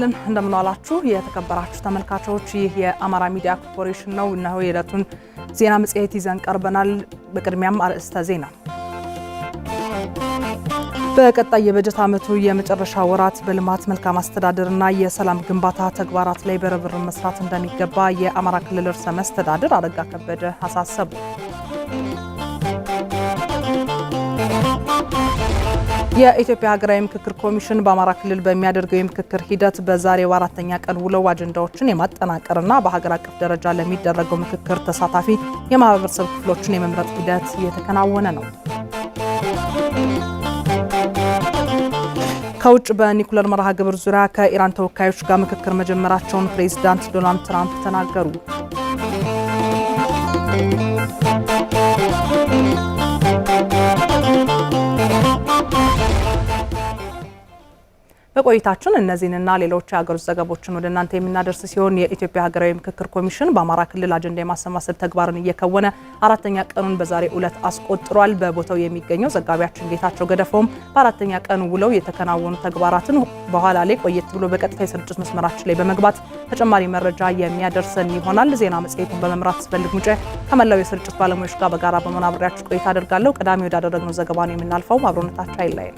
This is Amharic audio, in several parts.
ይስጥልን እንደምንዋላችሁ የተከበራችሁ ተመልካቾች፣ ይህ የአማራ ሚዲያ ኮርፖሬሽን ነው። እነሆ የዕለቱን ዜና መጽሔት ይዘን ቀርበናል። በቅድሚያም አርዕስተ ዜና። በቀጣይ የበጀት ዓመቱ የመጨረሻ ወራት በልማት መልካም አስተዳደርና የሰላም ግንባታ ተግባራት ላይ በርብርብ መስራት እንደሚገባ የአማራ ክልል ርዕሰ መስተዳድር አረጋ ከበደ አሳሰቡ። የኢትዮጵያ ሀገራዊ ምክክር ኮሚሽን በአማራ ክልል በሚያደርገው የምክክር ሂደት በዛሬው አራተኛ ቀን ውለው አጀንዳዎችን የማጠናቀርና በሀገር አቀፍ ደረጃ ለሚደረገው ምክክር ተሳታፊ የማህበረሰብ ክፍሎችን የመምረጥ ሂደት እየተከናወነ ነው። ከውጭ በኒኩለር መርሃ ግብር ዙሪያ ከኢራን ተወካዮች ጋር ምክክር መጀመራቸውን ፕሬዚዳንት ዶናልድ ትራምፕ ተናገሩ። በቆይታችን እነዚህንና ሌሎች የሀገር ውስጥ ዘገቦችን ወደ እናንተ የምናደርስ ሲሆን የኢትዮጵያ ሀገራዊ ምክክር ኮሚሽን በአማራ ክልል አጀንዳ የማሰባሰብ ተግባርን እየከወነ አራተኛ ቀኑን በዛሬ ዕለት አስቆጥሯል። በቦታው የሚገኘው ዘጋቢያችን ጌታቸው ገደፈውም በአራተኛ ቀን ውለው የተከናወኑ ተግባራትን በኋላ ላይ ቆየት ብሎ በቀጥታ የስርጭት መስመራችን ላይ በመግባት ተጨማሪ መረጃ የሚያደርሰን ይሆናል። ዜና መጽሔቱን በመምራት ስፈልግ ሙጨ ከመላው የስርጭት ባለሙያዎች ጋር በጋራ በመናብሪያችሁ ቆይታ አደርጋለሁ። ቀዳሚ ወዳደረግነው ዘገባ ነው የምናልፈው። አብሮነታችሁ አይለየን።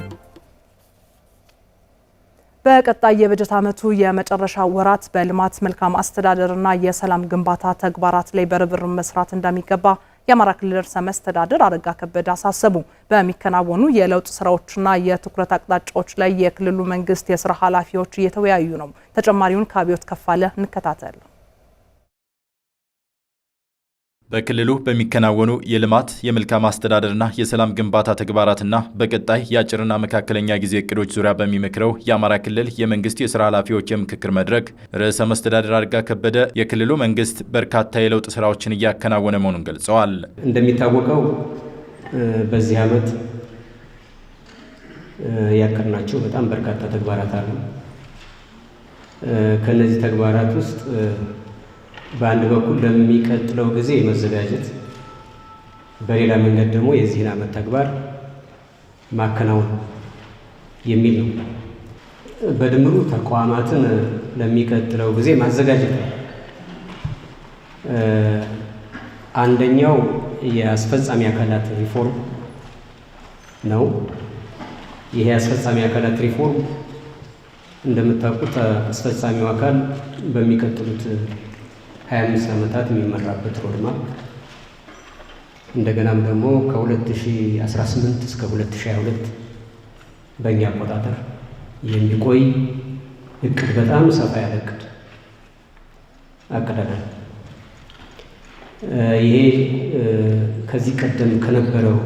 በቀጣይ የበጀት ዓመቱ የመጨረሻ ወራት በልማት መልካም አስተዳደርና የሰላም ግንባታ ተግባራት ላይ በርብር መስራት እንደሚገባ የአማራ ክልል ርዕሰ መስተዳድር አረጋ ከበደ አሳሰቡ። በሚከናወኑ የለውጥ ስራዎችና የትኩረት አቅጣጫዎች ላይ የክልሉ መንግስት የስራ ኃላፊዎች እየተወያዩ ነው። ተጨማሪውን ከአብዮት ከፋለ እንከታተል። በክልሉ በሚከናወኑ የልማት የመልካም አስተዳደርና የሰላም ግንባታ ተግባራትና በቀጣይ የአጭርና መካከለኛ ጊዜ እቅዶች ዙሪያ በሚመክረው የአማራ ክልል የመንግስት የስራ ኃላፊዎች የምክክር መድረክ ርዕሰ መስተዳደር አረጋ ከበደ የክልሉ መንግስት በርካታ የለውጥ ስራዎችን እያከናወነ መሆኑን ገልጸዋል። እንደሚታወቀው በዚህ ዓመት ያቀድናቸው በጣም በርካታ ተግባራት አሉ። ከእነዚህ ተግባራት ውስጥ በአንድ በኩል ለሚቀጥለው ጊዜ መዘጋጀት፣ በሌላ መንገድ ደግሞ የዚህን ዓመት ተግባር ማከናወን የሚል ነው። በድምሩ ተቋማትን ለሚቀጥለው ጊዜ ማዘጋጀት ነው። አንደኛው የአስፈጻሚ አካላት ሪፎርም ነው። ይሄ የአስፈጻሚ አካላት ሪፎርም እንደምታውቁት አስፈጻሚው አካል በሚቀጥሉት ሀያ አምስት ዓመታት የሚመራበት ሮድማፕ እንደገናም ደግሞ ከ2018 እስከ 2022 በእኛ አቆጣጠር የሚቆይ እቅድ በጣም ሰፋ ያለ እቅድ አቅደናል። ይሄ ከዚህ ቀደም ከነበረው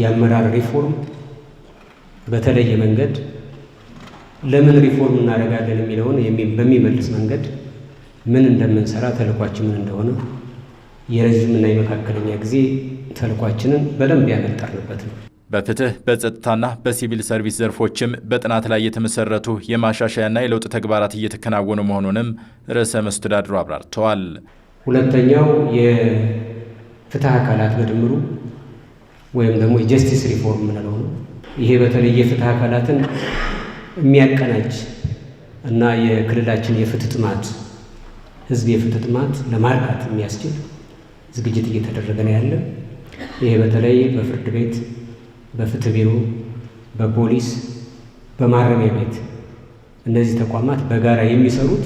የአመራር ሪፎርም በተለየ መንገድ ለምን ሪፎርም እናደርጋለን የሚለውን በሚመልስ መንገድ ምን እንደምንሰራ ተልኳችን ምን እንደሆነ የረዥምና የመካከለኛ ጊዜ ተልኳችንን በደንብ ያመጣንበት ነው። በፍትህ በጸጥታና በሲቪል ሰርቪስ ዘርፎችም በጥናት ላይ የተመሰረቱ የማሻሻያና የለውጥ ተግባራት እየተከናወኑ መሆኑንም ርዕሰ መስተዳድሩ አብራርተዋል። ሁለተኛው የፍትህ አካላት በድምሩ ወይም ደግሞ የጀስቲስ ሪፎርም የምንለው ነው። ይሄ በተለይ የፍትህ አካላትን የሚያቀናጅ እና የክልላችን የፍትህ ጥማት ህዝብ የፍትህ ጥማት ለማርካት የሚያስችል ዝግጅት እየተደረገ ነው ያለ። ይሄ በተለይ በፍርድ ቤት፣ በፍትህ ቢሮ፣ በፖሊስ፣ በማረሚያ ቤት እነዚህ ተቋማት በጋራ የሚሰሩት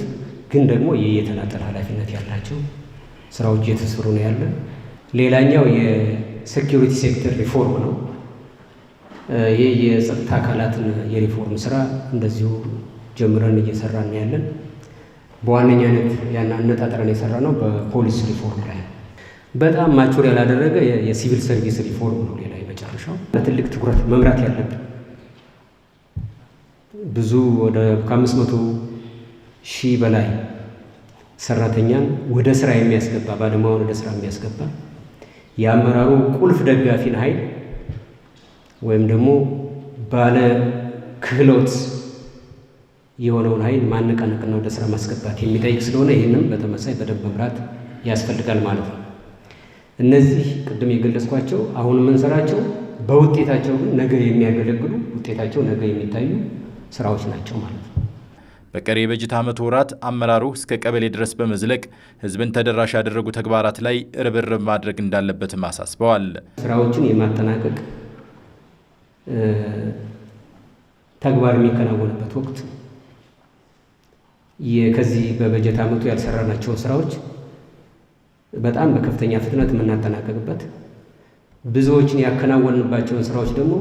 ግን ደግሞ የየተናጠል ኃላፊነት ያላቸው ስራዎች እየተሰሩ ነው ያለ። ሌላኛው የሴኪሪቲ ሴክተር ሪፎርም ነው። ይህ የጸጥታ አካላትን የሪፎርም ስራ እንደዚሁ ጀምረን እየሰራን ያለን በዋነኛነት ያን አነጣጥረን የሰራ ነው በፖሊስ ሪፎርም ላይ በጣም ማቹር ያላደረገ የሲቪል ሰርቪስ ሪፎርም ነው። ሌላ የመጨረሻው በትልቅ ትኩረት መምራት ያለብን ብዙ ወደ ከአምስት መቶ ሺህ በላይ ሰራተኛን ወደ ስራ የሚያስገባ ባለሙያውን ወደ ስራ የሚያስገባ የአመራሩ ቁልፍ ደጋፊን ኃይል ወይም ደግሞ ባለ ክህሎት የሆነውን ኃይል ማነቃነቅና ወደ ስራ ማስገባት የሚጠይቅ ስለሆነ ይህንም በተመሳይ በደንብ መምራት ያስፈልጋል ማለት ነው። እነዚህ ቅድም የገለጽኳቸው አሁን የምንሰራቸው በውጤታቸው ግን ነገ የሚያገለግሉ ውጤታቸው ነገ የሚታዩ ስራዎች ናቸው ማለት ነው። በቀሪ የበጀት ዓመት ወራት አመራሩ እስከ ቀበሌ ድረስ በመዝለቅ ህዝብን ተደራሽ ያደረጉ ተግባራት ላይ ርብርብ ማድረግ እንዳለበትም አሳስበዋል። ስራዎችን የማጠናቀቅ ተግባር የሚከናወንበት ወቅት ከዚህ በበጀት ዓመቱ ያልሰራናቸውን ስራዎች በጣም በከፍተኛ ፍጥነት የምናጠናቀቅበት ብዙዎችን ያከናወንባቸውን ስራዎች ደግሞ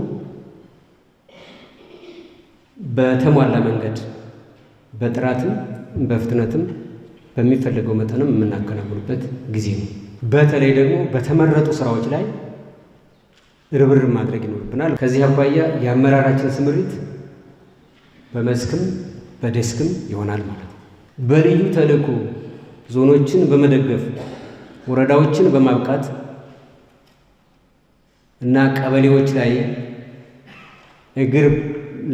በተሟላ መንገድ በጥራትም በፍጥነትም በሚፈለገው መጠንም የምናከናውንበት ጊዜ ነው። በተለይ ደግሞ በተመረጡ ስራዎች ላይ ርብርብ ማድረግ ይኖርብናል። ከዚህ አኳያ የአመራራችን ስምሪት በመስክም በደስክም ይሆናል ማለት ነው። በልዩ ተልኮ ዞኖችን በመደገፍ ወረዳዎችን በማብቃት እና ቀበሌዎች ላይ እግር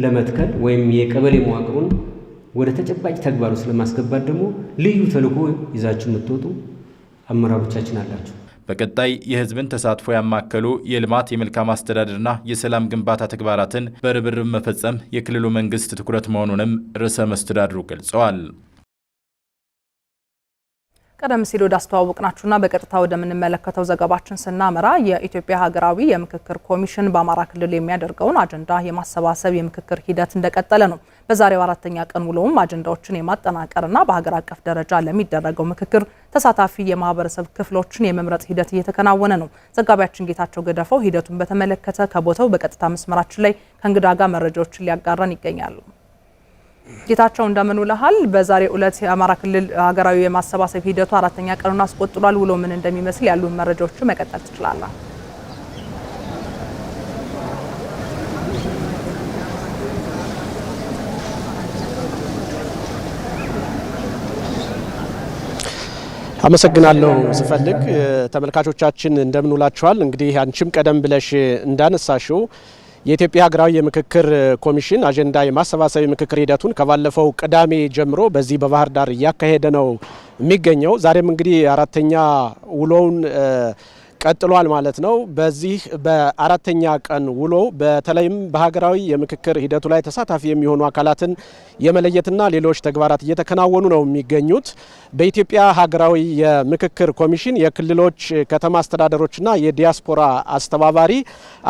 ለመትከል ወይም የቀበሌ መዋቅሩን ወደ ተጨባጭ ተግባር ውስጥ ለማስገባት ደግሞ ልዩ ተልዕኮ ይዛችሁ የምትወጡ አመራሮቻችን አላችሁ። በቀጣይ የህዝብን ተሳትፎ ያማከሉ የልማት የመልካም አስተዳደርና የሰላም ግንባታ ተግባራትን በርብርብ መፈጸም የክልሉ መንግስት ትኩረት መሆኑንም ርዕሰ መስተዳድሩ ገልጸዋል። ቀደም ሲል ወደ አስተዋወቅናችሁና በቀጥታ ወደምንመለከተው ዘገባችን ስናመራ የኢትዮጵያ ሀገራዊ የምክክር ኮሚሽን በአማራ ክልል የሚያደርገውን አጀንዳ የማሰባሰብ የምክክር ሂደት እንደቀጠለ ነው። በዛሬው አራተኛ ቀን ውሎውም አጀንዳዎችን የማጠናቀርና በሀገር አቀፍ ደረጃ ለሚደረገው ምክክር ተሳታፊ የማህበረሰብ ክፍሎችን የመምረጥ ሂደት እየተከናወነ ነው። ዘጋቢያችን ጌታቸው ገደፈው ሂደቱን በተመለከተ ከቦታው በቀጥታ መስመራችን ላይ ከእንግዳ ጋር መረጃዎችን ሊያጋራን ይገኛሉ። ጌታቸው እንደምን ውለሃል? በዛሬው ዕለት የአማራ ክልል ሀገራዊ የማሰባሰብ ሂደቱ አራተኛ ቀኑን አስቆጥሏል ውሎ ምን እንደሚመስል ያሉ መረጃዎቹ መቀጠል ትችላለህ? አመሰግናለሁ ስፈልግ ተመልካቾቻችን እንደምንውላችኋል። እንግዲህ አንቺም ቀደም ብለሽ እንዳነሳሽው የኢትዮጵያ ሀገራዊ የምክክር ኮሚሽን አጀንዳ የማሰባሰብ ምክክር ሂደቱን ከባለፈው ቅዳሜ ጀምሮ በዚህ በባህር ዳር እያካሄደ ነው የሚገኘው። ዛሬም እንግዲህ አራተኛ ውሎውን ቀጥሏል ማለት ነው። በዚህ በአራተኛ ቀን ውሎ በተለይም በሀገራዊ የምክክር ሂደቱ ላይ ተሳታፊ የሚሆኑ አካላትን የመለየትና ሌሎች ተግባራት እየተከናወኑ ነው የሚገኙት። በኢትዮጵያ ሀገራዊ የምክክር ኮሚሽን የክልሎች ከተማ አስተዳደሮችና የዲያስፖራ አስተባባሪ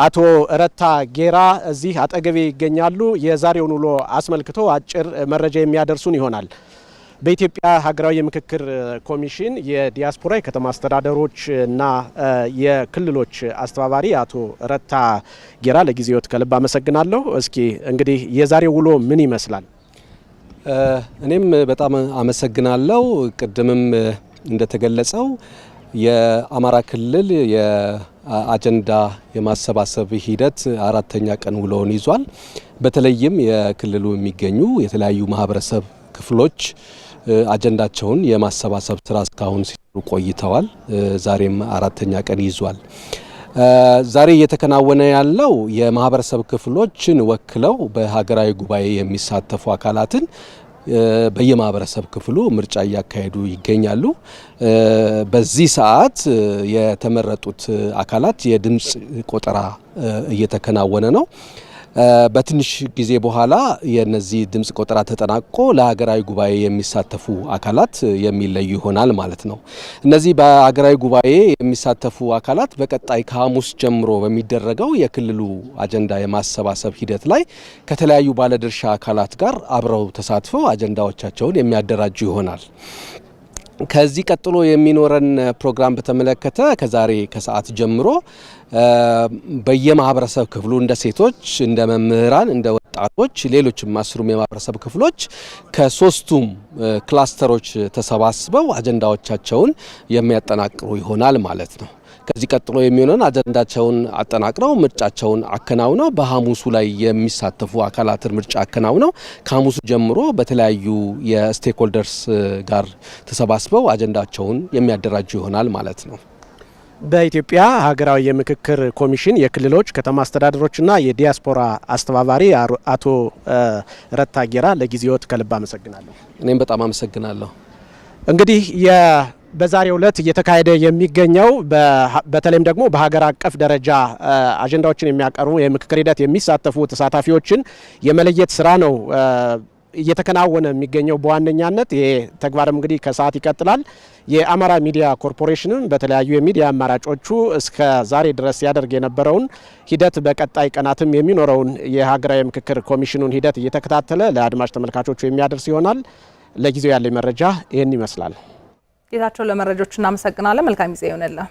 አቶ ረታ ጌራ እዚህ አጠገቤ ይገኛሉ። የዛሬውን ውሎ አስመልክቶ አጭር መረጃ የሚያደርሱን ይሆናል። በኢትዮጵያ ሀገራዊ የምክክር ኮሚሽን የዲያስፖራ የከተማ አስተዳደሮች እና የክልሎች አስተባባሪ አቶ ረታ ጌራ ለጊዜዎት ከልብ አመሰግናለሁ። እስኪ እንግዲህ የዛሬ ውሎ ምን ይመስላል? እኔም በጣም አመሰግናለሁ። ቅድምም እንደተገለጸው የአማራ ክልል የአጀንዳ የማሰባሰብ ሂደት አራተኛ ቀን ውሎውን ይዟል። በተለይም የክልሉ የሚገኙ የተለያዩ ማህበረሰብ ክፍሎች አጀንዳቸውን የማሰባሰብ ስራ እስካሁን ሲሰሩ ቆይተዋል። ዛሬም አራተኛ ቀን ይዟል። ዛሬ እየተከናወነ ያለው የማህበረሰብ ክፍሎችን ወክለው በሀገራዊ ጉባኤ የሚሳተፉ አካላትን በየማህበረሰብ ክፍሉ ምርጫ እያካሄዱ ይገኛሉ። በዚህ ሰዓት የተመረጡት አካላት የድምፅ ቆጠራ እየተከናወነ ነው። በትንሽ ጊዜ በኋላ የነዚህ ድምፅ ቆጠራ ተጠናቆ ለሀገራዊ ጉባኤ የሚሳተፉ አካላት የሚለዩ ይሆናል ማለት ነው። እነዚህ በሀገራዊ ጉባኤ የሚሳተፉ አካላት በቀጣይ ከሐሙስ ጀምሮ በሚደረገው የክልሉ አጀንዳ የማሰባሰብ ሂደት ላይ ከተለያዩ ባለድርሻ አካላት ጋር አብረው ተሳትፈው አጀንዳዎቻቸውን የሚያደራጁ ይሆናል። ከዚህ ቀጥሎ የሚኖረን ፕሮግራም በተመለከተ ከዛሬ ከሰዓት ጀምሮ በየማህበረሰብ ክፍሉ እንደ ሴቶች፣ እንደ መምህራን፣ እንደ ወጣቶች ሌሎችም አስሩም የማህበረሰብ ክፍሎች ከሶስቱም ክላስተሮች ተሰባስበው አጀንዳዎቻቸውን የሚያጠናቅሩ ይሆናል ማለት ነው። ከዚህ ቀጥሎ የሚሆነውን አጀንዳቸውን አጠናቅረው ምርጫቸውን አከናውነው በሐሙሱ ላይ የሚሳተፉ አካላትን ምርጫ አከናውነው ከሐሙሱ ጀምሮ በተለያዩ የስቴክሆልደርስ ጋር ተሰባስበው አጀንዳቸውን የሚያደራጁ ይሆናል ማለት ነው። በኢትዮጵያ ሀገራዊ የምክክር ኮሚሽን የክልሎች ከተማ አስተዳደሮችና የዲያስፖራ አስተባባሪ አቶ ረታ ጌራ ለጊዜዎት ከልብ አመሰግናለሁ። እኔም በጣም አመሰግናለሁ። እንግዲህ በዛሬው ዕለት እየተካሄደ የሚገኘው በተለይም ደግሞ በሀገር አቀፍ ደረጃ አጀንዳዎችን የሚያቀርቡ የምክክር ሂደት የሚሳተፉ ተሳታፊዎችን የመለየት ስራ ነው። እየተከናወነ የሚገኘው በዋነኛነት ይሄ ተግባርም እንግዲህ ከሰዓት ይቀጥላል። የአማራ ሚዲያ ኮርፖሬሽንም በተለያዩ የሚዲያ አማራጮቹ እስከ ዛሬ ድረስ ሲያደርግ የነበረውን ሂደት በቀጣይ ቀናትም የሚኖረውን የሀገራዊ ምክክር ኮሚሽኑን ሂደት እየተከታተለ ለአድማጭ ተመልካቾቹ የሚያደርስ ይሆናል። ለጊዜው ያለኝ መረጃ ይህን ይመስላል። ጌታቸው፣ ለመረጃዎች እናመሰግናለን። መልካም ጊዜ ይሆነልን።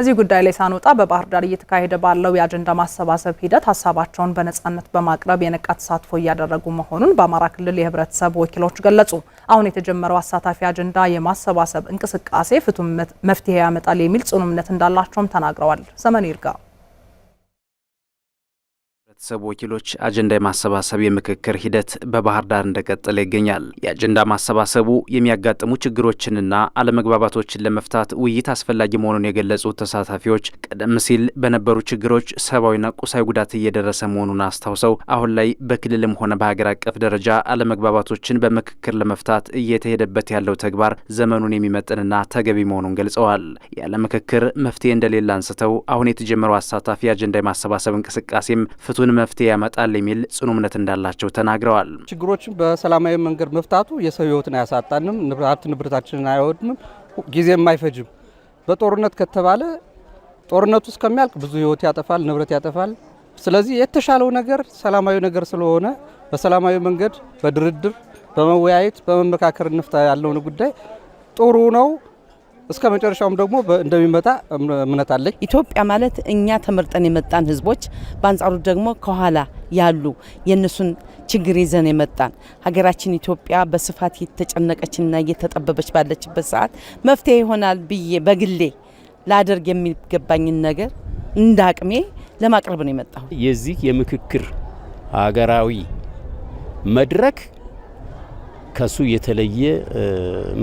እዚህ ጉዳይ ላይ ሳንወጣ በባህር ዳር እየተካሄደ ባለው የአጀንዳ ማሰባሰብ ሂደት ሀሳባቸውን በነጻነት በማቅረብ የነቃ ተሳትፎ እያደረጉ መሆኑን በአማራ ክልል የህብረተሰብ ወኪሎች ገለጹ። አሁን የተጀመረው አሳታፊ አጀንዳ የማሰባሰብ እንቅስቃሴ ፍቱን መፍትሄ ያመጣል የሚል ጽኑ እምነት እንዳላቸውም ተናግረዋል። ዘመን ይርጋ የህብረተሰቡ ወኪሎች አጀንዳ የማሰባሰብ የምክክር ሂደት በባህር ዳር እንደቀጠለ ይገኛል። የአጀንዳ ማሰባሰቡ የሚያጋጥሙ ችግሮችንና አለመግባባቶችን ለመፍታት ውይይት አስፈላጊ መሆኑን የገለጹት ተሳታፊዎች ቀደም ሲል በነበሩ ችግሮች ሰብአዊና ቁሳዊ ጉዳት እየደረሰ መሆኑን አስታውሰው አሁን ላይ በክልልም ሆነ በሀገር አቀፍ ደረጃ አለመግባባቶችን በምክክር ለመፍታት እየተሄደበት ያለው ተግባር ዘመኑን የሚመጥንና ተገቢ መሆኑን ገልጸዋል። ያለ ምክክር መፍትሄ እንደሌለ አንስተው አሁን የተጀመረው አሳታፊ አጀንዳ የማሰባሰብ እንቅስቃሴም ፍቱን መፍትሄ ያመጣል የሚል ጽኑ እምነት እንዳላቸው ተናግረዋል። ችግሮችን በሰላማዊ መንገድ መፍታቱ የሰው ህይወትን አያሳጣንም፣ ሀብት ንብረታችንን አያወድምም፣ ጊዜም አይፈጅም። በጦርነት ከተባለ ጦርነቱ እስከሚያልቅ ብዙ ህይወት ያጠፋል፣ ንብረት ያጠፋል። ስለዚህ የተሻለው ነገር ሰላማዊ ነገር ስለሆነ በሰላማዊ መንገድ በድርድር በመወያየት በመመካከር እንፍታ ያለውን ጉዳይ ጥሩ ነው። እስከ መጨረሻውም ደግሞ እንደሚመጣ እምነት አለኝ። ኢትዮጵያ ማለት እኛ ተመርጠን የመጣን ህዝቦች፣ በአንጻሩ ደግሞ ከኋላ ያሉ የእነሱን ችግር ይዘን የመጣን ሀገራችን ኢትዮጵያ በስፋት የተጨነቀችና እየተጠበበች ባለችበት ሰዓት መፍትሄ ይሆናል ብዬ በግሌ ላደርግ የሚገባኝን ነገር እንደ አቅሜ ለማቅረብ ነው የመጣሁ። የዚህ የምክክር ሀገራዊ መድረክ ከሱ የተለየ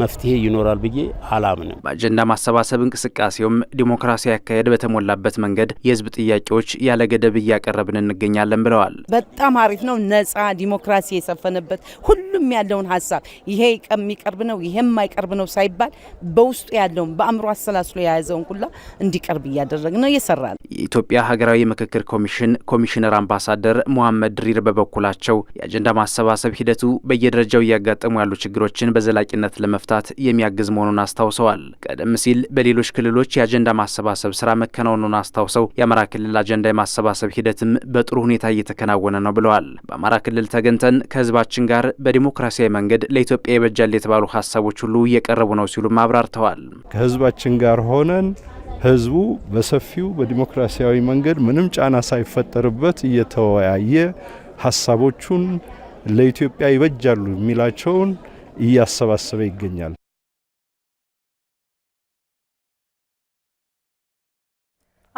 መፍትሄ ይኖራል ብዬ አላምንም። በአጀንዳ ማሰባሰብ እንቅስቃሴውም ዲሞክራሲያዊ አካሄድ በተሞላበት መንገድ የህዝብ ጥያቄዎች ያለ ገደብ እያቀረብን እንገኛለን ብለዋል። በጣም አሪፍ ነው። ነጻ ዲሞክራሲ የሰፈነበት ሁሉም ያለውን ሀሳብ ይሄ የሚቀርብ ነው ይሄ የማይቀርብ ነው ሳይባል በውስጡ ያለውን በአእምሮ አሰላስሎ የያዘውን ሁላ እንዲቀርብ እያደረግ ነው እየሰራ ነው። የኢትዮጵያ ሀገራዊ ምክክር ኮሚሽን ኮሚሽነር አምባሳደር ሞሐመድ ድሪር በበኩላቸው የአጀንዳ ማሰባሰብ ሂደቱ በየደረጃው እያጋ እያጋጠሙ ያሉ ችግሮችን በዘላቂነት ለመፍታት የሚያግዝ መሆኑን አስታውሰዋል። ቀደም ሲል በሌሎች ክልሎች የአጀንዳ ማሰባሰብ ስራ መከናወኑን አስታውሰው የአማራ ክልል አጀንዳ የማሰባሰብ ሂደትም በጥሩ ሁኔታ እየተከናወነ ነው ብለዋል። በአማራ ክልል ተገንተን ከህዝባችን ጋር በዲሞክራሲያዊ መንገድ ለኢትዮጵያ ይበጃል የተባሉ ሀሳቦች ሁሉ እየቀረቡ ነው ሲሉም አብራርተዋል። ከህዝባችን ጋር ሆነን ህዝቡ በሰፊው በዲሞክራሲያዊ መንገድ ምንም ጫና ሳይፈጠርበት እየተወያየ ሀሳቦቹን ለኢትዮጵያ ይበጃሉ የሚላቸውን እያሰባሰበ ይገኛል።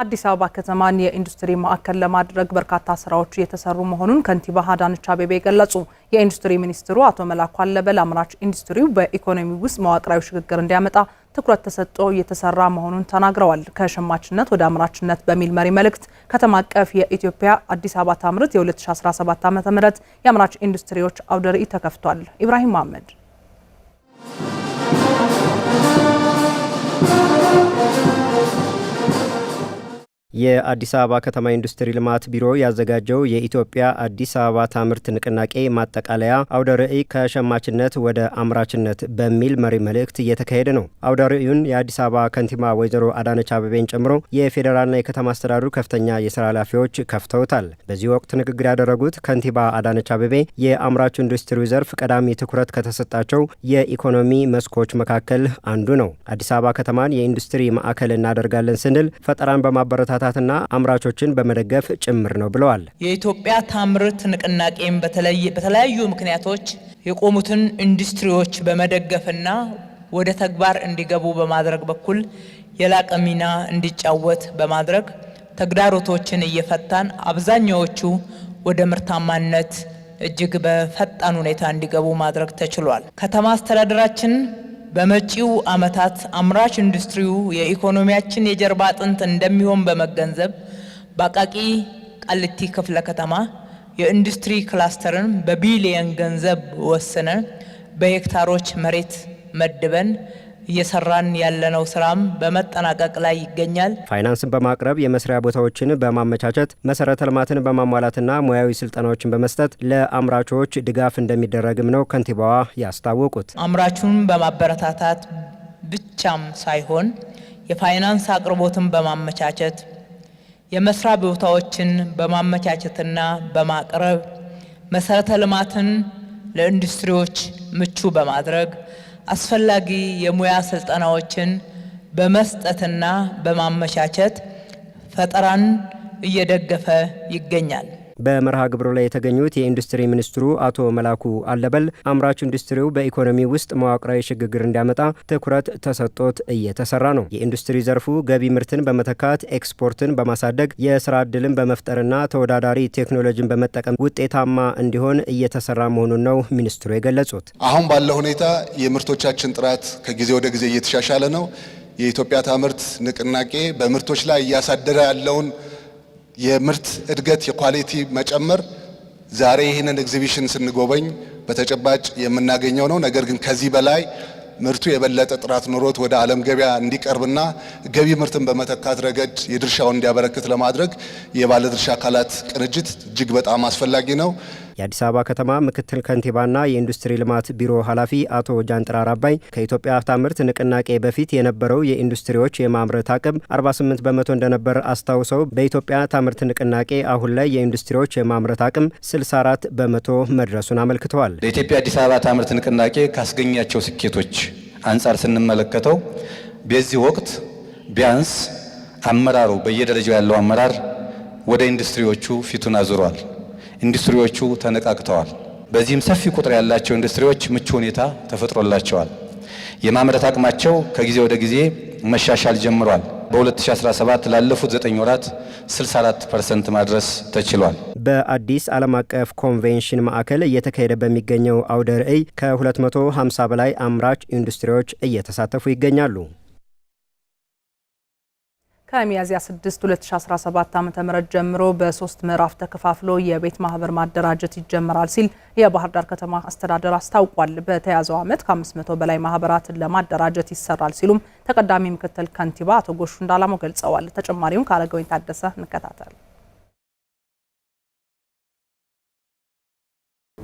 አዲስ አበባ ከተማን የኢንዱስትሪ ማዕከል ለማድረግ በርካታ ስራዎች እየተሰሩ መሆኑን ከንቲባ አዳነች አቤቤ ገለጹ። የኢንዱስትሪ ሚኒስትሩ አቶ መላኩ አለበል አምራች ኢንዱስትሪው በኢኮኖሚ ውስጥ መዋቅራዊ ሽግግር እንዲያመጣ ትኩረት ተሰጥቶ እየተሰራ መሆኑን ተናግረዋል። ከሸማችነት ወደ አምራችነት በሚል መሪ መልእክት ከተማ አቀፍ የኢትዮጵያ አዲስ አበባ ታምርት የ2017 ዓ ም የአምራች ኢንዱስትሪዎች አውደ ርዕይ ተከፍቷል። ኢብራሂም መሐመድ የአዲስ አበባ ከተማ ኢንዱስትሪ ልማት ቢሮ ያዘጋጀው የኢትዮጵያ አዲስ አበባ ታምርት ንቅናቄ ማጠቃለያ አውደ ርዕይ ከሸማችነት ወደ አምራችነት በሚል መሪ መልእክት እየተካሄደ ነው። አውደ ርዕዩን የአዲስ አበባ ከንቲባ ወይዘሮ አዳነች አበቤን ጨምሮ የፌዴራልና የከተማ አስተዳደሩ ከፍተኛ የስራ ኃላፊዎች ከፍተውታል። በዚህ ወቅት ንግግር ያደረጉት ከንቲባ አዳነች አበቤ የአምራቹ ኢንዱስትሪው ዘርፍ ቀዳሚ ትኩረት ከተሰጣቸው የኢኮኖሚ መስኮች መካከል አንዱ ነው። አዲስ አበባ ከተማን የኢንዱስትሪ ማዕከል እናደርጋለን ስንል ፈጠራን በማበረታ ማበረታታትና አምራቾችን በመደገፍ ጭምር ነው ብለዋል። የኢትዮጵያ ታምርት ንቅናቄም በተለያዩ ምክንያቶች የቆሙትን ኢንዱስትሪዎች በመደገፍና ወደ ተግባር እንዲገቡ በማድረግ በኩል የላቀ ሚና እንዲጫወት በማድረግ ተግዳሮቶችን እየፈታን አብዛኛዎቹ ወደ ምርታማነት እጅግ በፈጣን ሁኔታ እንዲገቡ ማድረግ ተችሏል። ከተማ አስተዳደራችን በመጪው ዓመታት አምራች ኢንዱስትሪው የኢኮኖሚያችን የጀርባ አጥንት እንደሚሆን በመገንዘብ በአቃቂ ቃሊቲ ክፍለ ከተማ የኢንዱስትሪ ክላስተርን በቢሊየን ገንዘብ ወስነን በሄክታሮች መሬት መድበን እየሰራን ያለነው ስራም በመጠናቀቅ ላይ ይገኛል። ፋይናንስን በማቅረብ የመስሪያ ቦታዎችን በማመቻቸት መሰረተ ልማትን በማሟላትና ሙያዊ ስልጠናዎችን በመስጠት ለአምራቾች ድጋፍ እንደሚደረግም ነው ከንቲባዋ ያስታወቁት። አምራቹን በማበረታታት ብቻም ሳይሆን የፋይናንስ አቅርቦትን በማመቻቸት የመስሪያ ቦታዎችን በማመቻቸትና በማቅረብ መሰረተ ልማትን ለኢንዱስትሪዎች ምቹ በማድረግ አስፈላጊ የሙያ ስልጠናዎችን በመስጠትና በማመቻቸት ፈጠራን እየደገፈ ይገኛል። በመርሃ ግብሩ ላይ የተገኙት የኢንዱስትሪ ሚኒስትሩ አቶ መላኩ አለበል አምራች ኢንዱስትሪው በኢኮኖሚ ውስጥ መዋቅራዊ ሽግግር እንዲያመጣ ትኩረት ተሰጥቶት እየተሰራ ነው። የኢንዱስትሪ ዘርፉ ገቢ ምርትን በመተካት ኤክስፖርትን በማሳደግ የስራ ዕድልን በመፍጠርና ተወዳዳሪ ቴክኖሎጂን በመጠቀም ውጤታማ እንዲሆን እየተሰራ መሆኑን ነው ሚኒስትሩ የገለጹት። አሁን ባለው ሁኔታ የምርቶቻችን ጥራት ከጊዜ ወደ ጊዜ እየተሻሻለ ነው። የኢትዮጵያ ታምርት ንቅናቄ በምርቶች ላይ እያሳደረ ያለውን የምርት እድገት የኳሊቲ መጨመር ዛሬ ይህንን ኤግዚቢሽን ስንጎበኝ በተጨባጭ የምናገኘው ነው። ነገር ግን ከዚህ በላይ ምርቱ የበለጠ ጥራት ኖሮት ወደ ዓለም ገበያ እንዲቀርብና ገቢ ምርትን በመተካት ረገድ የድርሻውን እንዲያበረክት ለማድረግ የባለድርሻ አካላት ቅንጅት እጅግ በጣም አስፈላጊ ነው። የአዲስ አበባ ከተማ ምክትል ከንቲባና የኢንዱስትሪ ልማት ቢሮ ኃላፊ አቶ ጃንጥራር አባይ ከኢትዮጵያ ታምርት ንቅናቄ በፊት የነበረው የኢንዱስትሪዎች የማምረት አቅም 48 በመቶ እንደነበር አስታውሰው በኢትዮጵያ ታምርት ንቅናቄ አሁን ላይ የኢንዱስትሪዎች የማምረት አቅም 64 በመቶ መድረሱን አመልክተዋል። ለኢትዮጵያ አዲስ አበባ ታምርት ንቅናቄ ካስገኛቸው ስኬቶች አንጻር ስንመለከተው በዚህ ወቅት ቢያንስ አመራሩ በየደረጃው ያለው አመራር ወደ ኢንዱስትሪዎቹ ፊቱን አዙሯል። ኢንዱስትሪዎቹ ተነቃቅተዋል። በዚህም ሰፊ ቁጥር ያላቸው ኢንዱስትሪዎች ምቹ ሁኔታ ተፈጥሮላቸዋል። የማምረት አቅማቸው ከጊዜ ወደ ጊዜ መሻሻል ጀምሯል። በ2017 ላለፉት 9 ወራት 64 ፐርሰንት ማድረስ ተችሏል። በአዲስ ዓለም አቀፍ ኮንቬንሽን ማዕከል እየተካሄደ በሚገኘው አውደ ርዕይ ከ250 በላይ አምራች ኢንዱስትሪዎች እየተሳተፉ ይገኛሉ። ከሚያዝያ 6 2017 ዓ.ም ጀምሮ በሶስት ምዕራፍ ተከፋፍሎ የቤት ማህበር ማደራጀት ይጀምራል ሲል የባህር ዳር ከተማ አስተዳደር አስታውቋል። በተያዘው ዓመት ከ500 በላይ ማህበራትን ለማደራጀት ይሰራል ሲሉም ተቀዳሚ ምክትል ከንቲባ አቶ ጎሹ እንዳላሞ ገልጸዋል። ተጨማሪውን ከአረጋወኝ ታደሰ እንከታተል።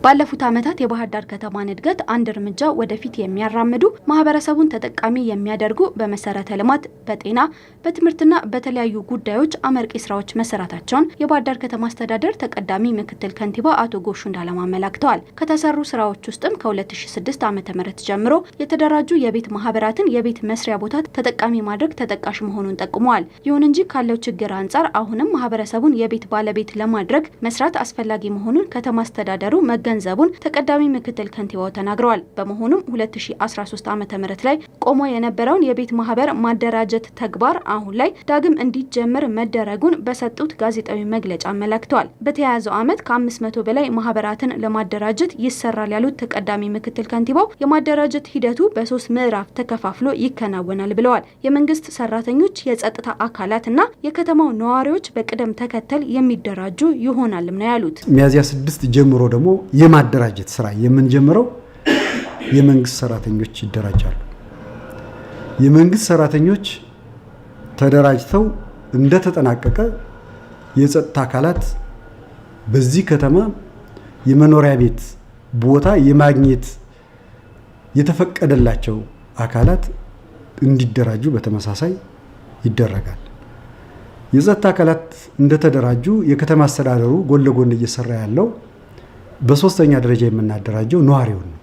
ባለፉት ዓመታት የባህር ዳር ከተማን እድገት አንድ እርምጃ ወደፊት የሚያራምዱ ማህበረሰቡን ተጠቃሚ የሚያደርጉ በመሰረተ ልማት፣ በጤና፣ በትምህርትና በተለያዩ ጉዳዮች አመርቂ ስራዎች መሰራታቸውን የባህር ዳር ከተማ አስተዳደር ተቀዳሚ ምክትል ከንቲባ አቶ ጎሹ እንዳለም አመላክተዋል። ከተሰሩ ስራዎች ውስጥም ከ2006 ዓ ም ጀምሮ የተደራጁ የቤት ማህበራትን የቤት መስሪያ ቦታ ተጠቃሚ ማድረግ ተጠቃሽ መሆኑን ጠቁመዋል። ይሁን እንጂ ካለው ችግር አንጻር አሁንም ማህበረሰቡን የቤት ባለቤት ለማድረግ መስራት አስፈላጊ መሆኑን ከተማ አስተዳደሩ መገንዘቡን ተቀዳሚ ምክትል ከንቲባው ተናግረዋል። በመሆኑም 2013 ዓ ም ላይ ቆሞ የነበረውን የቤት ማህበር ማደራጀት ተግባር አሁን ላይ ዳግም እንዲጀምር መደረጉን በሰጡት ጋዜጣዊ መግለጫ አመላክተዋል። በተያያዘው ዓመት ከ500 በላይ ማህበራትን ለማደራጀት ይሰራል ያሉት ተቀዳሚ ምክትል ከንቲባው የማደራጀት ሂደቱ በሶስት ምዕራፍ ተከፋፍሎ ይከናወናል ብለዋል። የመንግስት ሰራተኞች፣ የጸጥታ አካላት እና የከተማው ነዋሪዎች በቅደም ተከተል የሚደራጁ ይሆናልም ነው ያሉት። ሚያዝያ ስድስት ጀምሮ ደግሞ የማደራጀት ስራ የምንጀምረው የመንግስት ሰራተኞች ይደራጃሉ። የመንግስት ሰራተኞች ተደራጅተው እንደተጠናቀቀ የጸጥታ አካላት በዚህ ከተማ የመኖሪያ ቤት ቦታ የማግኘት የተፈቀደላቸው አካላት እንዲደራጁ በተመሳሳይ ይደረጋል። የጸጥታ አካላት እንደተደራጁ የከተማ አስተዳደሩ ጎን ለጎን እየሰራ ያለው በሶስተኛ ደረጃ የምናደራጀው ነዋሪውን ነው።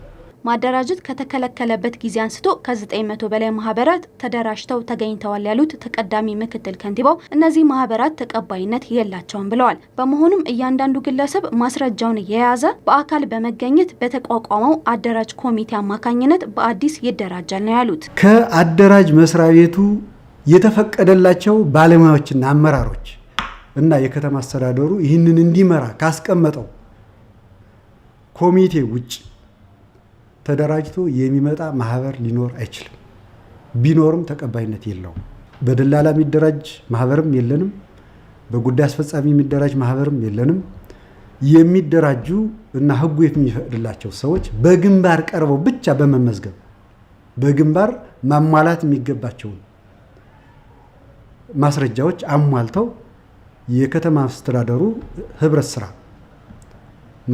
ማደራጀት ከተከለከለበት ጊዜ አንስቶ ከ900 በላይ ማህበራት ተደራጅተው ተገኝተዋል ያሉት ተቀዳሚ ምክትል ከንቲባው እነዚህ ማህበራት ተቀባይነት የላቸውም ብለዋል። በመሆኑም እያንዳንዱ ግለሰብ ማስረጃውን የያዘ በአካል በመገኘት በተቋቋመው አደራጅ ኮሚቴ አማካኝነት በአዲስ ይደራጃል ነው ያሉት። ከአደራጅ መስሪያ ቤቱ የተፈቀደላቸው ባለሙያዎችና አመራሮች እና የከተማ አስተዳደሩ ይህንን እንዲመራ ካስቀመጠው ኮሚቴ ውጭ ተደራጅቶ የሚመጣ ማህበር ሊኖር አይችልም። ቢኖርም ተቀባይነት የለውም። በደላላ የሚደራጅ ማህበርም የለንም። በጉዳይ አስፈጻሚ የሚደራጅ ማህበርም የለንም። የሚደራጁ እና ህጉ የሚፈቅድላቸው ሰዎች በግንባር ቀርበው ብቻ በመመዝገብ በግንባር ማሟላት የሚገባቸውን ማስረጃዎች አሟልተው የከተማ አስተዳደሩ ህብረት ስራ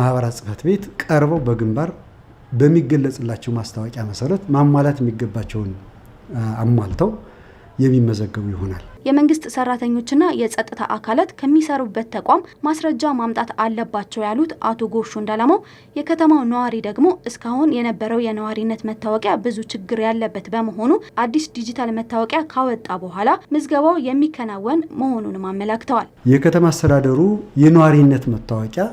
ማህበራት ጽፈት ቤት ቀርበው በግንባር በሚገለጽላቸው ማስታወቂያ መሰረት ማሟላት የሚገባቸውን አሟልተው የሚመዘገቡ ይሆናል። የመንግስት ሰራተኞችና የጸጥታ አካላት ከሚሰሩበት ተቋም ማስረጃ ማምጣት አለባቸው ያሉት አቶ ጎሹ እንዳላማው የከተማው ነዋሪ ደግሞ እስካሁን የነበረው የነዋሪነት መታወቂያ ብዙ ችግር ያለበት በመሆኑ አዲስ ዲጂታል መታወቂያ ካወጣ በኋላ ምዝገባው የሚከናወን መሆኑንም አመላክተዋል። የከተማ አስተዳደሩ የነዋሪነት መታወቂያ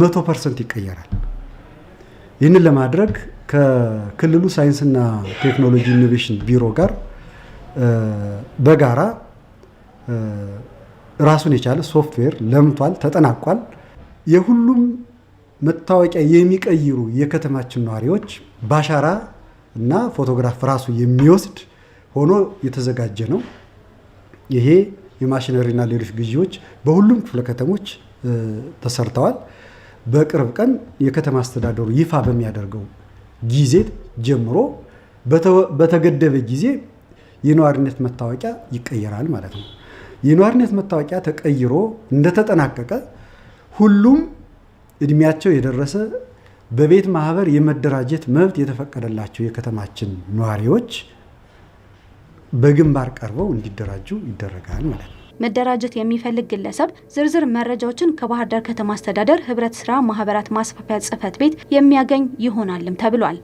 መቶ ፐርሰንት ይቀየራል። ይህንን ለማድረግ ከክልሉ ሳይንስና ቴክኖሎጂ ኢኖቬሽን ቢሮ ጋር በጋራ ራሱን የቻለ ሶፍትዌር ለምቷል፣ ተጠናቋል። የሁሉም መታወቂያ የሚቀይሩ የከተማችን ነዋሪዎች ባሻራ እና ፎቶግራፍ ራሱ የሚወስድ ሆኖ የተዘጋጀ ነው። ይሄ የማሽነሪና ሌሎች ግዢዎች በሁሉም ክፍለ ከተሞች ተሰርተዋል። በቅርብ ቀን የከተማ አስተዳደሩ ይፋ በሚያደርገው ጊዜ ጀምሮ በተገደበ ጊዜ የነዋሪነት መታወቂያ ይቀየራል ማለት ነው። የነዋሪነት መታወቂያ ተቀይሮ እንደተጠናቀቀ ሁሉም እድሜያቸው የደረሰ በቤት ማህበር የመደራጀት መብት የተፈቀደላቸው የከተማችን ነዋሪዎች በግንባር ቀርበው እንዲደራጁ ይደረጋል ማለት ነው። መደራጀት የሚፈልግ ግለሰብ ዝርዝር መረጃዎችን ከባህር ዳር ከተማ አስተዳደር ህብረት ስራ ማህበራት ማስፋፊያ ጽህፈት ቤት የሚያገኝ ይሆናልም ተብሏል።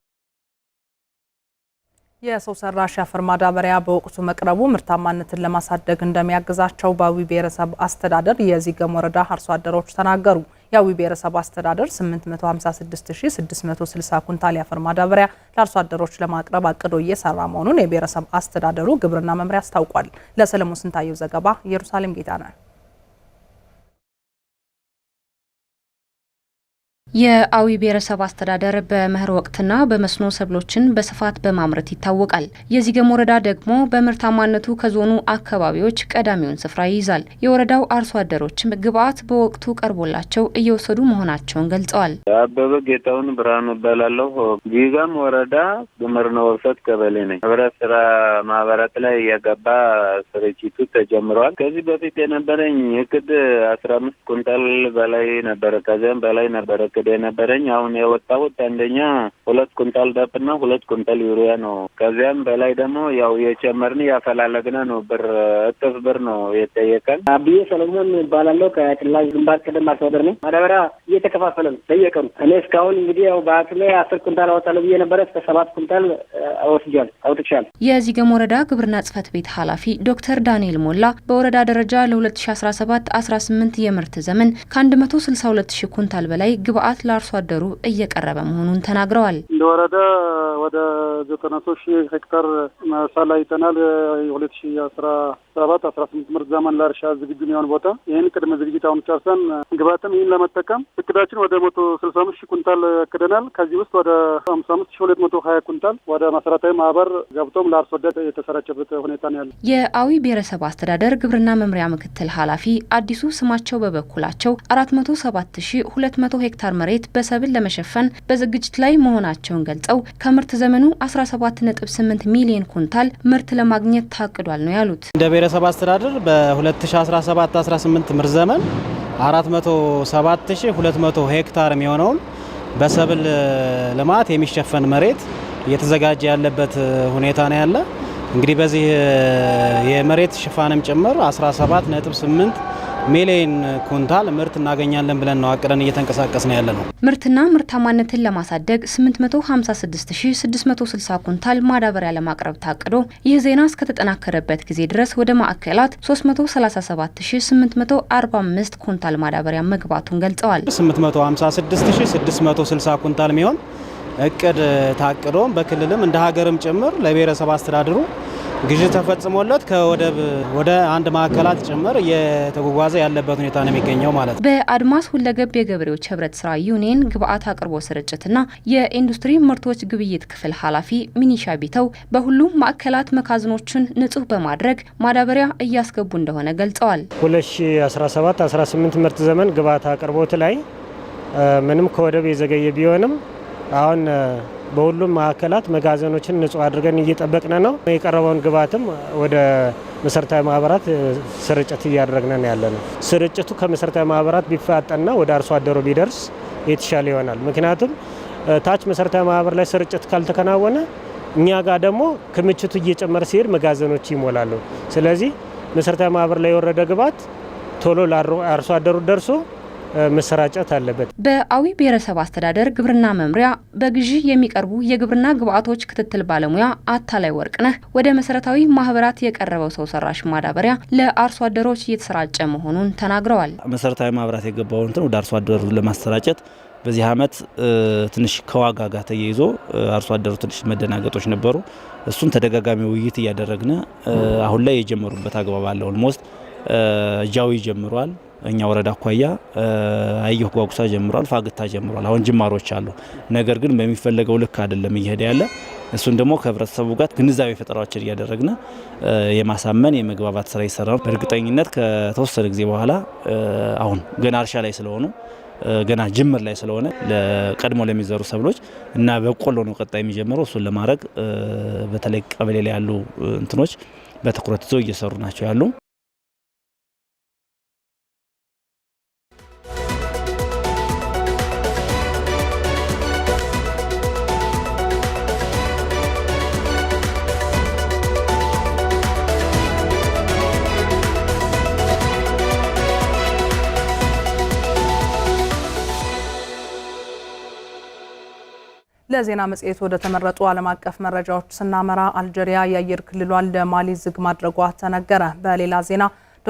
የሰው ሰራሽ አፈር ማዳበሪያ በወቅቱ መቅረቡ ምርታማነትን ለማሳደግ እንደሚያግዛቸው በአዊ ብሔረሰብ አስተዳደር የዚገም ወረዳ አርሶ አደሮች ተናገሩ። የአዊ ብሔረሰብ አስተዳደር 856660 ኩንታል የአፈር ማዳበሪያ ለአርሶ አደሮች ለማቅረብ አቅዶ እየሰራ መሆኑን የብሔረሰብ አስተዳደሩ ግብርና መምሪያ አስታውቋል። ለሰለሞን ስንታየው ዘገባ ኢየሩሳሌም ጌታ ነው። የአዊ ብሔረሰብ አስተዳደር በመኸር ወቅትና በመስኖ ሰብሎችን በስፋት በማምረት ይታወቃል። የዚህ ወረዳ ደግሞ በምርታማነቱ ከዞኑ አካባቢዎች ቀዳሚውን ስፍራ ይይዛል። የወረዳው አርሶ አደሮችም ግብዓት በወቅቱ ቀርቦላቸው እየወሰዱ መሆናቸውን ገልጸዋል። አበበ ጌታውን ብርሃኑ እባላለሁ። ጊጋም ወረዳ ግምርነ ወብሰት ቀበሌ ነኝ። ህብረት ስራ ማህበራት ላይ የገባ ስርጭቱ ተጀምረዋል። ከዚህ በፊት የነበረኝ እቅድ አስራ አምስት ኩንታል በላይ ነበረ። ከዚያም በላይ ነበረ እቅድ የነበረኝ አሁን የወጣሁት አንደኛ ሁለት ኩንታል ዳፕና ሁለት ኩንታል ዩሪያ ነው። ከዚያም በላይ ደግሞ ያው የጨመርን ያፈላለግነ ነው ብር እጥፍ ብር ነው የጠየቀን። አብዬ ሰለሞን እባላለሁ ከጭላሽ ግንባር ቀደም አስተዳደር ነኝ። ማዳበሪያ እየተከፋፈለ ነው እኔ እስካሁን እንግዲህ ያው ላይ አስር ኩንታል አወጣለሁ ብዬ ነበረ እስከ ሰባት ኩንታል አወስጃል አውጥቻል። የዚገም ወረዳ ግብርና ጽህፈት ቤት ኃላፊ ዶክተር ዳንኤል ሞላ በወረዳ ደረጃ ለ2017 18 የምርት ዘመን ከ162 ሺህ ኩንታል በላይ ግብአ ግብአት ለአርሶ አደሩ እየቀረበ መሆኑን ተናግረዋል። እንደ ወረዳ ወደ ዘጠና ሶስት ሺህ ሄክታር ማሳ ላይ ይተናል። የሁለት ሺ አስራ ሰባት አስራ ስምንት ምርት ዘመን ለእርሻ ዝግጁ የሚሆን ቦታ ይህን ቅድመ ዝግጅት አሁን ጨርሰን ግብአትም ይህን ለመጠቀም እቅዳችን ወደ መቶ ስልሳ አምስት ሺ ኩንታል ያክደናል። ከዚህ ውስጥ ወደ ሀምሳ አምስት ሺ ሁለት መቶ ሀያ ኩንታል ወደ መሰረታዊ ማህበር ገብቶም ለአርሶ አደር የተሰራጨበት ሁኔታ ነው ያለው። የአዊ ብሔረሰብ አስተዳደር ግብርና መምሪያ ምክትል ኃላፊ አዲሱ ስማቸው በበኩላቸው አራት መቶ ሰባት ሺ ሁለት መቶ ሄክታር መሬት በሰብል ለመሸፈን በዝግጅት ላይ መሆናቸውን ገልጸው ከምርት ዘመኑ 17.8 ሚሊዮን ኩንታል ምርት ለማግኘት ታቅዷል ነው ያሉት። እንደ ብሔረሰብ አስተዳደር በ2017/18 ምርት ዘመን 47200 ሄክታር የሚሆነውን በሰብል ልማት የሚሸፈን መሬት እየተዘጋጀ ያለበት ሁኔታ ነው ያለ። እንግዲህ በዚህ የመሬት ሽፋንም ጭምር 17.8 ሚሊዮን ኩንታል ምርት እናገኛለን ብለን ነው አቅደን እየተንቀሳቀስ ነው ያለ ነው። ምርትና ምርታማነትን ለማሳደግ 856660 ኩንታል ማዳበሪያ ለማቅረብ ታቅዶ ይህ ዜና እስከተጠናከረበት ጊዜ ድረስ ወደ ማዕከላት 337845 ኩንታል ማዳበሪያ መግባቱን ገልጸዋል። 856660 ኩንታል የሚሆን እቅድ ታቅዶም በክልልም እንደ ሀገርም ጭምር ለብሔረሰብ አስተዳድሩ ግዥ ተፈጽሞለት ከወደብ ወደ አንድ ማዕከላት ጭምር እየተጓጓዘ ያለበት ሁኔታ ነው የሚገኘው ማለት ነው። በአድማስ ሁለገብ የገበሬዎች ህብረት ስራ ዩኒየን ግብአት አቅርቦ ስርጭትና የኢንዱስትሪ ምርቶች ግብይት ክፍል ኃላፊ ሚኒሻ ቢተው በሁሉም ማዕከላት መጋዘኖችን ንጹህ በማድረግ ማዳበሪያ እያስገቡ እንደሆነ ገልጸዋል። 2017/18 ምርት ዘመን ግብአት አቅርቦት ላይ ምንም ከወደብ የዘገየ ቢሆንም አሁን በሁሉም ማዕከላት መጋዘኖችን ንጹህ አድርገን እየጠበቅነ ነው። የቀረበውን ግብዓትም ወደ መሰረታዊ ማህበራት ስርጭት እያደረግን ያለ ነው። ስርጭቱ ከመሰረታዊ ማህበራት ቢፋጠና ወደ አርሶ አደሩ ቢደርስ የተሻለ ይሆናል። ምክንያቱም ታች መሰረታዊ ማህበር ላይ ስርጭት ካልተከናወነ እኛ ጋር ደግሞ ክምችቱ እየጨመረ ሲሄድ መጋዘኖች ይሞላሉ። ስለዚህ መሰረታዊ ማህበር ላይ የወረደ ግብዓት ቶሎ ለአርሶ አደሩ ደርሶ መሰራጨት አለበት። በአዊ ብሔረሰብ አስተዳደር ግብርና መምሪያ በግዢ የሚቀርቡ የግብርና ግብዓቶች ክትትል ባለሙያ አታላይ ወርቅነህ ወደ መሰረታዊ ማህበራት የቀረበው ሰው ሰራሽ ማዳበሪያ ለአርሶ አደሮች እየተሰራጨ መሆኑን ተናግረዋል። መሰረታዊ ማህበራት የገባውን ወደ አርሶ አደሩ ለማሰራጨት በዚህ አመት ትንሽ ከዋጋ ጋር ተያይዞ አርሶ አደሩ ትንሽ መደናገጦች ነበሩ። እሱን ተደጋጋሚ ውይይት እያደረግነ አሁን ላይ የጀመሩበት አግባብ አለ። ኦልሞስት እጃዊ ጀምሯል። እኛ ወረዳ አኳያ አየሁ ጓጉሳ ጀምሯል፣ ፋግታ ጀምሯል። አሁን ጅማሮች አሉ። ነገር ግን በሚፈለገው ልክ አይደለም እየሄደ ያለ። እሱን ደግሞ ከህብረተሰቡ ጋር ግንዛቤ ፈጠራዎችን እያደረግን የማሳመን የመግባባት ስራ ይሰራ ነው። በእርግጠኝነት ከተወሰነ ጊዜ በኋላ አሁን ገና እርሻ ላይ ስለሆኑ ገና ጅምር ላይ ስለሆነ ቀድሞ ለሚዘሩ ሰብሎች እና በቆሎ ነው ቀጣይ የሚጀምረው። እሱን ለማድረግ በተለይ ቀበሌ ላይ ያሉ እንትኖች በትኩረት ይዘው እየሰሩ ናቸው ያሉ ለዜና መጽሔት ወደ ተመረጡ ዓለም አቀፍ መረጃዎች ስናመራ አልጀሪያ የአየር ክልሏን ለማሊ ዝግ ማድረጓ ተነገረ። በሌላ ዜና